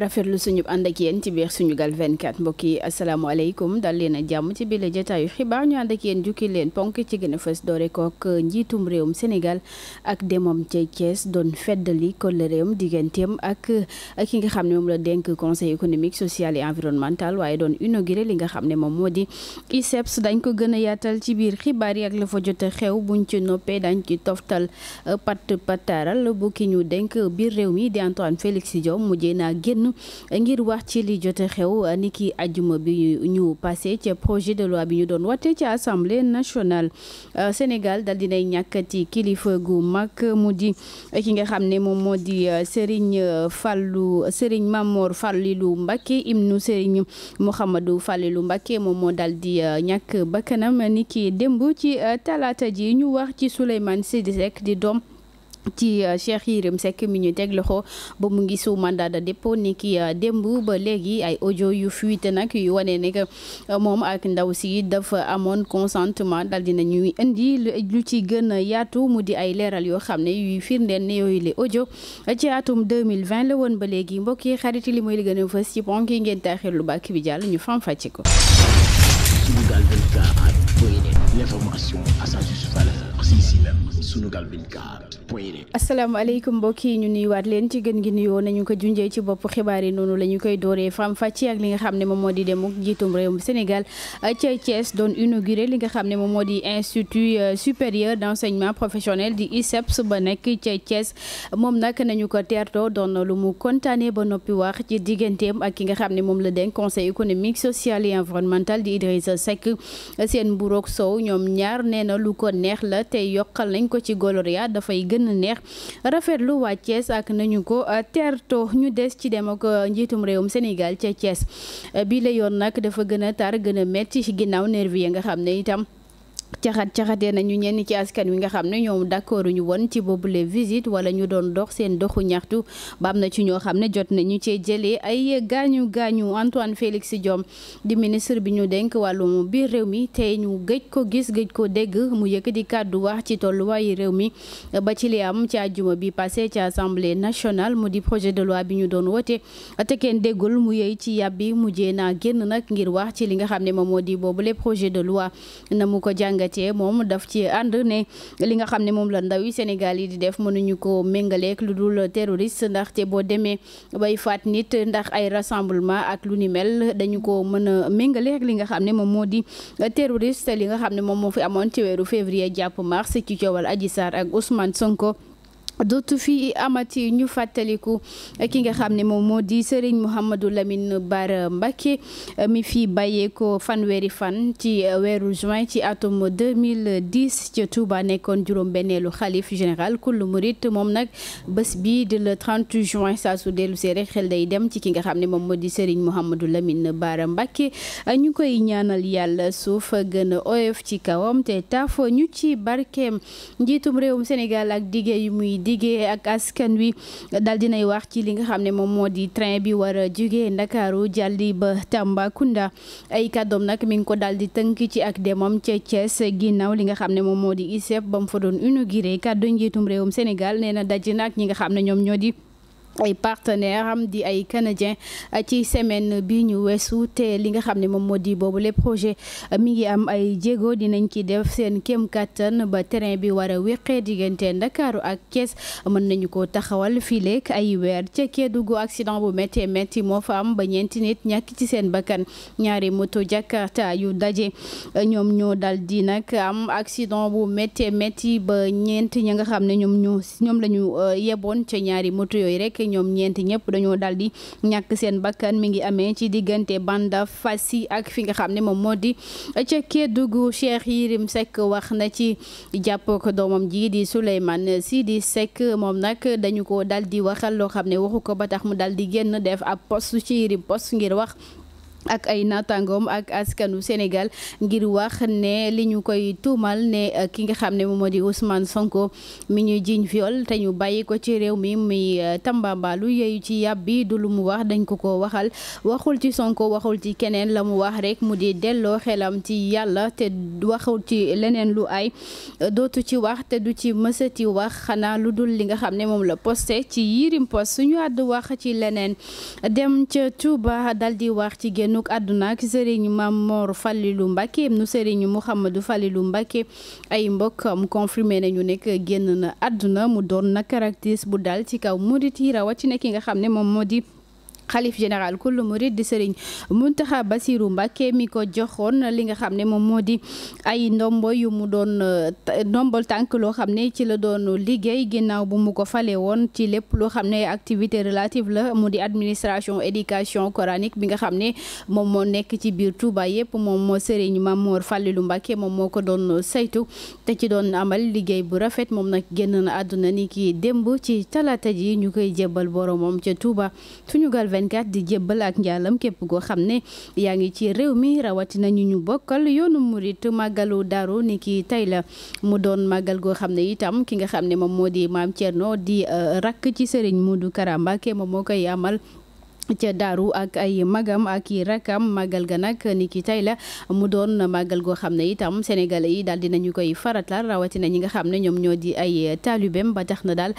rafetlu suñu ànd ak yéen ci biir Sunugal 24 mbokk yi asalaamaaleykum dal leen a jàmm ci biir jotaayu xibaar ñu ànd ak yéen jukki leen ponk ci gën a fës doore kook njiitum réewum Sénégal ak demam ca Thiès doon feddali kóllëreem digganteem ak ki nga xam ne moom la denk conseil économique social et environnemental waaye doon inauguré li nga xam ne moom moo di ICEPS dañ ko gën a yaatal ci biir xibaar yi la fa jote xew buñ ci noppee dañ ci toftal pat euh, pataaral bu ki ñu dénk biir mi di génn ngir wax ci li jote xew ni ki ajuma bi ñu passé ci projet de loi bi ñu doon wate ci assemblée nationale euh, Sénégal dal dinay ñàkkati kilifa gu mag mu di ki nga xam ne moom moo di euh, Serigne euh, Fallou Serigne Mamor Fallilu Mbacké ibnu Serigne Mouhamadou Fallilu Mbacké moom moo dal di ñàkk bakkanam ni ki démb ci talaata ji ñu wax ci Souleymane Sidi Seck di doom ci euh, Cheikh Yérim Seck mi ñu teg loxo ba mu ngi sous mandat de dépôt ni euh, démb ba léegi ay ojo yu fuite nag yu wane ne euh, moom ak ndaw si dafa amoon consentement daal dina ñuy indi lu ci gën a yaatu mu di ay leeral yoo xam ne yuy firndeel ne yooyu le audio ci atum 2020 la woon ba léegi mbokk yi xarit li li gën a fës ci ponk yi ngeen taaxir lu bàkk bi jàll ñu fam fàcce ko. asalaamaaleykum mbokk yi ñu nuyuwaat leen ci gën gi nuyoo nañu ko junjee ci bopp xibaar yi noonu la ñu koy dooree fam fàcc ak li nga xam ne moom moo di demuk njiitum réewum Sénégal euh, ca Thiès doon inauguré li nga xam ne moom moo di institut euh, supérieur d' enseignement professionnel di ISEPS ba nekk ca Thiès moom nag nañu ko teertoo doon lu mu kontaanee ba noppi wax ci digganteem ak ki nga xam ne moom la dénk conseil économique social et environnemental di Idrissa Seck seen mburoog sow ñoom ñaar nee na lu ko neex la tey yokkal na ko ci Goloria dafay gën a neex rafetlu waa Thiès ak nañu ko euh, terto ñu des ci dem ak euh, njiitum réewum Sénégal ca Thiès euh, bi la yoon nag dafa gën a tar gën a metti ci ginnaaw nervi yi nga xam ne itam caxat caxatee nañu ñenn ci askan wi nga xam ne ñoom d'accord ñu woon ci boobule visite wala ñu doon dox seen doxu ñaxtu ba am na ci ñoo xam ne jot nañu cee jëlee ay gaañu gaañu Antoine Félix Diome di ministre bi ñu dénk wàllum biir réew mi tey ñu gëj ko gis gëj ko dégg mu di kàddu wax ci tolluwaayu réew mi ba ci li am ci àjjuma bi passé ci assemblée nationale mu di projet de loi bi ñu doon wote te kenn déggul mu yëy ci yàbbi mujjee naa génn nag ngir wax ci li nga xam ne moom moo di boobule projet de loi Ngathie moom daf ci ànd ne li nga xam ne moom la ndaw yi Sénégal yi di def mënuñu ko méngaleek lu dul terroriste ndaxte boo demee bay faat nit ndax ay rassemblement ak lu ni mel dañu ko mën a méngale li nga xam ne moom moo di terroriste li nga xam ne moom moo fi amoon ci weeru février jàpp mars ci coowal Adji Sarr ak Ousmane Sonko dootu fi amati ñu fàttaliku ki nga xam ne moom moo di Serigne Mouhamadou Lamine Bara Mbacké euh, mi fi bàyyeekoo fanweeri fan ci euh, weeru juin ci atum 2010 ci Touba nekkoon juróom-benneelu xalif général kullu murit moom nag bés bi di la 30 juin saa su dellu see rek xel day dem ci ki nga xam ne moom moo di Serigne Mouhamadou Lamine Bara Mbacké euh, ñu koy ñaanal yàlla suuf gën a oyof ci kawam te taaf ñu ci barkeem njiitum réewum Sénégal ak diggé muy liggéey ak askan wi dal nay wax ci li nga xam ne moom moo di train bi war a jugee Ndakaaru jaldi ba Tambacounda ay kàddoom nag mi ngi ko daal di tënk ci ak demam ca Thiès ginnaaw li nga xam ne moom moo di ICEP ba mu fa doon inauguré kàddu njiitum réewum Sénégal nee na daje na ñi nga xam ne ñoom ñoo di ay partenaire am di ay canadien ci semaine bi ñu weesu te li nga xam ne moom moo di boobu les projet mi ngi am ay jéego dinañ ci def seen kem kattan ba terrain bi war a wéqee diggante Ndakaaru ak Thiès mën nañu ko taxawal fileek ay weer ca Kédougou accident bu méttee métti moo fa am ba ñeenti nit ñàkk ci seen bakkan ñaari moto Jakarta yu daje ñoom ñoo dal di nag am accident bu méttee métti ba ñeent ña nga xam ne ñoom ñoom lañu euh, yeboon ca ñaari moto yooyu rek ñoom ñeenti ñëpp dañoo daal di ñàkk seen bakkan mi ngi amee ci diggante Banda Fassi ak fi nga xam ne moom moo di ca keddu Kédougou Cheikh Yérim Seck wax na ci jàppoo ko doomam ji di Souleymane di Seck moom nag dañu ko daal di waxal loo xam ne waxu ko ba tax mu daal di génn def ab post ci Yérim post ngir wax ak ay naataangoom ak askanu Sénégal ngir wax ne li ñu koy tuumal ne euh, ki nga xam ne moom moo di Ousmane Sonko mi ñuy jiiñ viol te ñu bàyyi ko ci réew mi muy euh, tambambaalu yooyu ci yàb bi du lu mu wax dañ ko ko waxal waxul ci Sonko waxul ci keneen la mu wax rekk mu di delloo xelam ci yàlla te waxul ci leneen lu ay dootu ci wax te du ci mësati wax xanaa lu dul li nga xam ne moom la posté ci yirim post suñu àddu wax ci leneen dem ca Touba dal wax ci génn génnuk àdduna ak sëriñ Mamor falilu Mbacke nu sëriñ Mouhamadou Fallilu Mbacke ay mbok mbokkam na nañu nekk génn na àdduna mu doon na caractère bu dal ci kaw murit yi rawatina ki nga xam ne moom moo di. xalif général kullu murid di sëriñ taxa Basiru mbakke mi ko joxoon li nga xam ne moom moo di ay ndombo yu mu doon eh, ndombol tànk loo xam ne ci la doon liggéey ginnaaw bu mu ko falee woon ci lépp loo xam ne activité relative la mu di administration éducation koranique bi nga xam ne moom moo nekk ci biir Touba yëpp moom moo sëriñ Mamoor lu Mbàkke moom moo ko doon saytu te ci doon amal liggéey bu rafet moom nag génn na àdduna ni ki démb ci talaata ji ñu koy jébbal boromam 2024 di jébbal ak njaalam képp goo xam ne yaa ngi ci réew mi rawatina ñu ñu bokkal yoonu murit màggalu daaru ni ki tey la mu doon màggal goo xam ne itam ki nga xam ne moom moo di maam Thierno di euh, rakk ci Serigne Modou du Mbacké ma moo koy amal ca daaru ak ay magam ak i rakam màggal ga nag ni ki tey la mu doon màggal goo xam ne itam sénégalais yi daal dinañu koy faratal rawatina ñi nga xam ne ñoom ñoo di ay taalibem ba tax na daal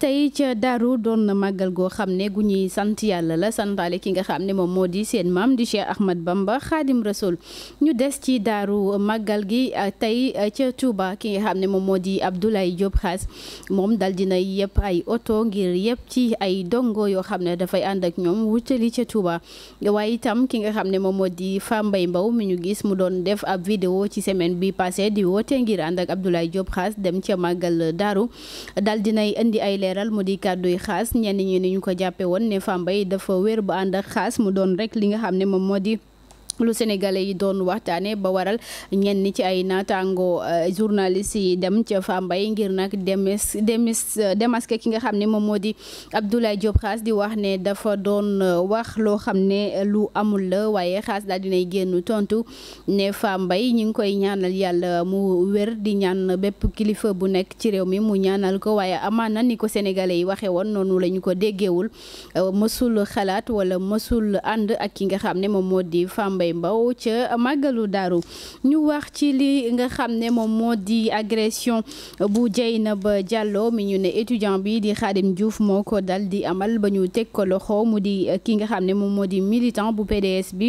tey ca daaru doon màggal goo xam ne gu ñuy sant yàlla la santaale ki nga xam ne moom moo di seen maam di Cheikh Ahmad Bamba Xaadim Rasul ñu des ci daaru màggal gi tey ca Touba ki nga xam ne moom moo di Abdoulaye Diop Xaas moom dal dina yëpp ay oto ngir yëpp ci ay wutali ca Touba waaye itam ki nga xam ne moom moo di Fambaye Mbow mi ñu gis mu doon def ab vidéo ci semaine bi passé di woote ngir ànd ak Abdoulaye Diop xaas dem ca màggal daaru dal dinay indi ay leeral mu di kàdduy xaas ñenn ñi ni ñu ko jàppe woon ne mbay dafa wér ba ànd ak xaas mu doon rek li nga xam ne moom moo di lu sénégalais yi doon waxtaane ba waral ni ci ay naataango euh, journaliste yi dem ca Fambaye ngir nag demes demis démasqué ki nga xam ne moom moo di Abdoulaye Diop xaas di wax ne dafa doon euh, wax loo xam ne lu amul la waaye xaas dal dinay génn tontu ne Fambaye ñi ngi koy ñaanal yàlla mu wér di ñaan bépp kilifa bu nekk ci réew mi mu ñaanal ko waaye amaana ni ko sénégalais yi waxee woon noonu la ko déggewul euh, mësul xalaat wala mësul ànd ak ki nga xam ne moom Mbaye Mbow ca màggalu daru ñu wax ci li nga xam ne moom moo di agression bu na ba jàlloo mi ñu ne étudiant bi di Khadim juuf moo ko dal di amal ba ñu teg ko loxo mu di ki nga xam ne moom moo di militant bu PDS bi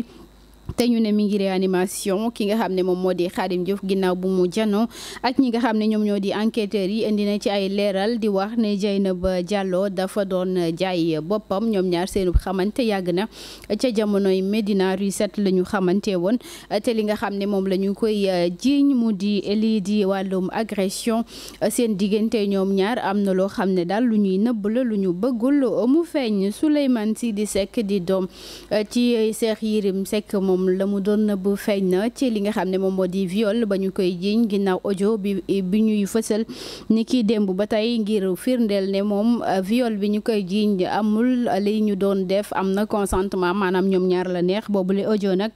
te ñu ne mi ngi réanimation ki nga xam ne moom moo di Khadim Diouf ginnaaw bu mu jano ak ñi nga xam ne ñoom ñoo di enquêteurs yi indi na ci ay leeral di wax ne ba jàlloo dafa doon jaay boppam ñoom ñaar seenu xamante yàgg na ca jamonoy Médina rue set la ñu xamante woon te li nga xam ne moom la ñu koy euh, jiiñ mu di lii di wàllum agression euh, seen diggante ñoom ñaar am na loo xam ne daal lu ñuy nëbb la lu ñu bëggul mu feeñ Souleymane Sidi Seck di doom euh, ci Cheikh moom doon nëbb feeñ na ci li nga xam ne moom moo di viol ba ñu koy jiiñ ginnaaw audio bi bi ñuy fësal ni kiy démb ba tey ngir firndeel ne moom euh, viol bi ñu koy jiiñ amul li ñu doon def am na consentement maanaam ñoom ñaar la neex boobu boobule ojo nag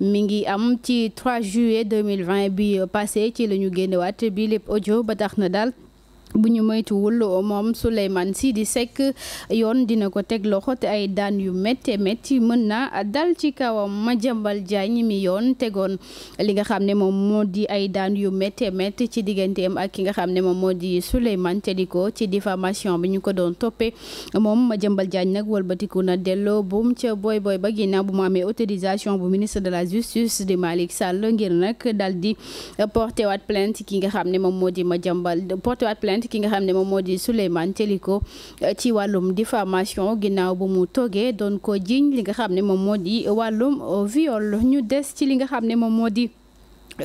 mi ngi am ci 3 juillet 2020 bi passé ci la ñu génnewaat bi lépp audio ba tax na daal bu ñu moytuwul moom Souleymane sii di Seck yoon dina ko teg loxo te ay daan yu métte métti mën na dal ci kawam Madiambal Diagne mi yoon tegoon li nga xam ne moom moo di ay daan yu métte métti ci digganteem ak ki nga xam ne moom moo di Souleymane te di ko ci diffamation bi ñu ko doon toppee moom ma Madiambal Diagne nag walbatiku na delloo buum ca booy booy ba ginnaaw bu mu amee autorisation bu ministre de la justice di Malick sàll ngir nag dal di porté waat plainte ki nga xam ne moom moo di Madiambal porté ki nga xam ne moom moo di Souleymane Teliko eh, ci wàllum diffamation ginnaaw bu mu toogee don ko ji li nga xam ne moom moo di wàllum oh, viol ñu des ci li nga xam ne moom moo di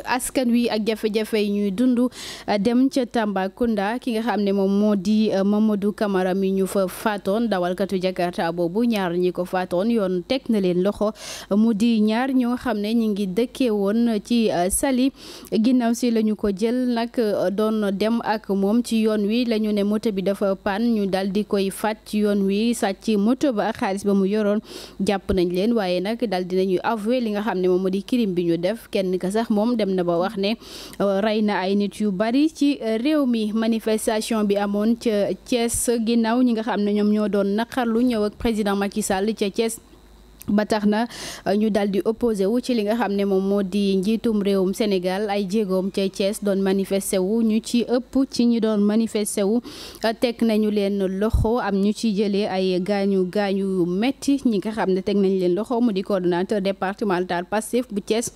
askan wi ak jafe-jafe yi ñuy dund euh, dem ca Tambacounda ki nga xam ne moom moo di euh, Mamadou kamara mi ñu fa faatoon dawalkatu Jakarta boobu ñaar ñi ko faatoon yoon teg na leen loxo mu di ñaar ñoo xam ne ñi ngi dëkkee woon ci euh, sali ginnaaw si lañu ko jël nag doon dem ak moom ci yoon wi lañu ne moto bi dafa pan ñu daal di koy faat ci yoon wi sàcc moto ba xaalis ba mu yoroon jàpp nañ leen waaye nag daal dinañuy avoué li nga xam ne moom moo di kirim bi ñu def kenn ka sax dem na ba wax ne euh, rey na ay nit yu bari ci euh, réew mi manifestation bi amoon ca Thiès ginnaaw ñi nga xam ne ñoom ñoo doon naqarlu ñëw ak président Macky Sall ca Thiès. ba tax na euh, ñu daal di opposé wu ci li nga xam ne moom moo di njiitum réewum Sénégal ay jéegoom ca Thiès doon manifesté wu ñu ci ëpp ci ñi doon manifesté wu euh, teg nañu leen loxo am ñu ci jëlee ay gaañu gaañu yu métti ñi nga xam ne teg nañu leen loxo mu di coordonnateur départemental Pastef bu Thiès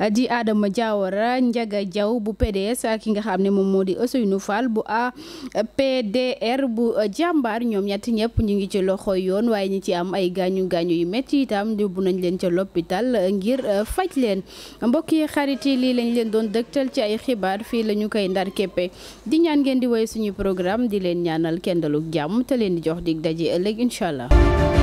euh, di Adama Diawara Ndiaga Diaw bu PDS ki nga xam ne moom moo di Ousseynou Fall bu APDR bu jàmbaar ñoom ñett ñëpp ñu ngi ci loxo yoon waaye ñi ci am ay gaañu gaañu yu métti itam yóbbu nañ leen ca l'hôpital ngir euh, faj leen mbokk yi xarit yi lii lañ leen doon dëgtal ci ay xibaar fii la ñu koy ndar képpe di ñaan ngeen di woy suñu programme di leen ñaanal kendaluk jàmm te leen di jox di daje ëllëg incha allah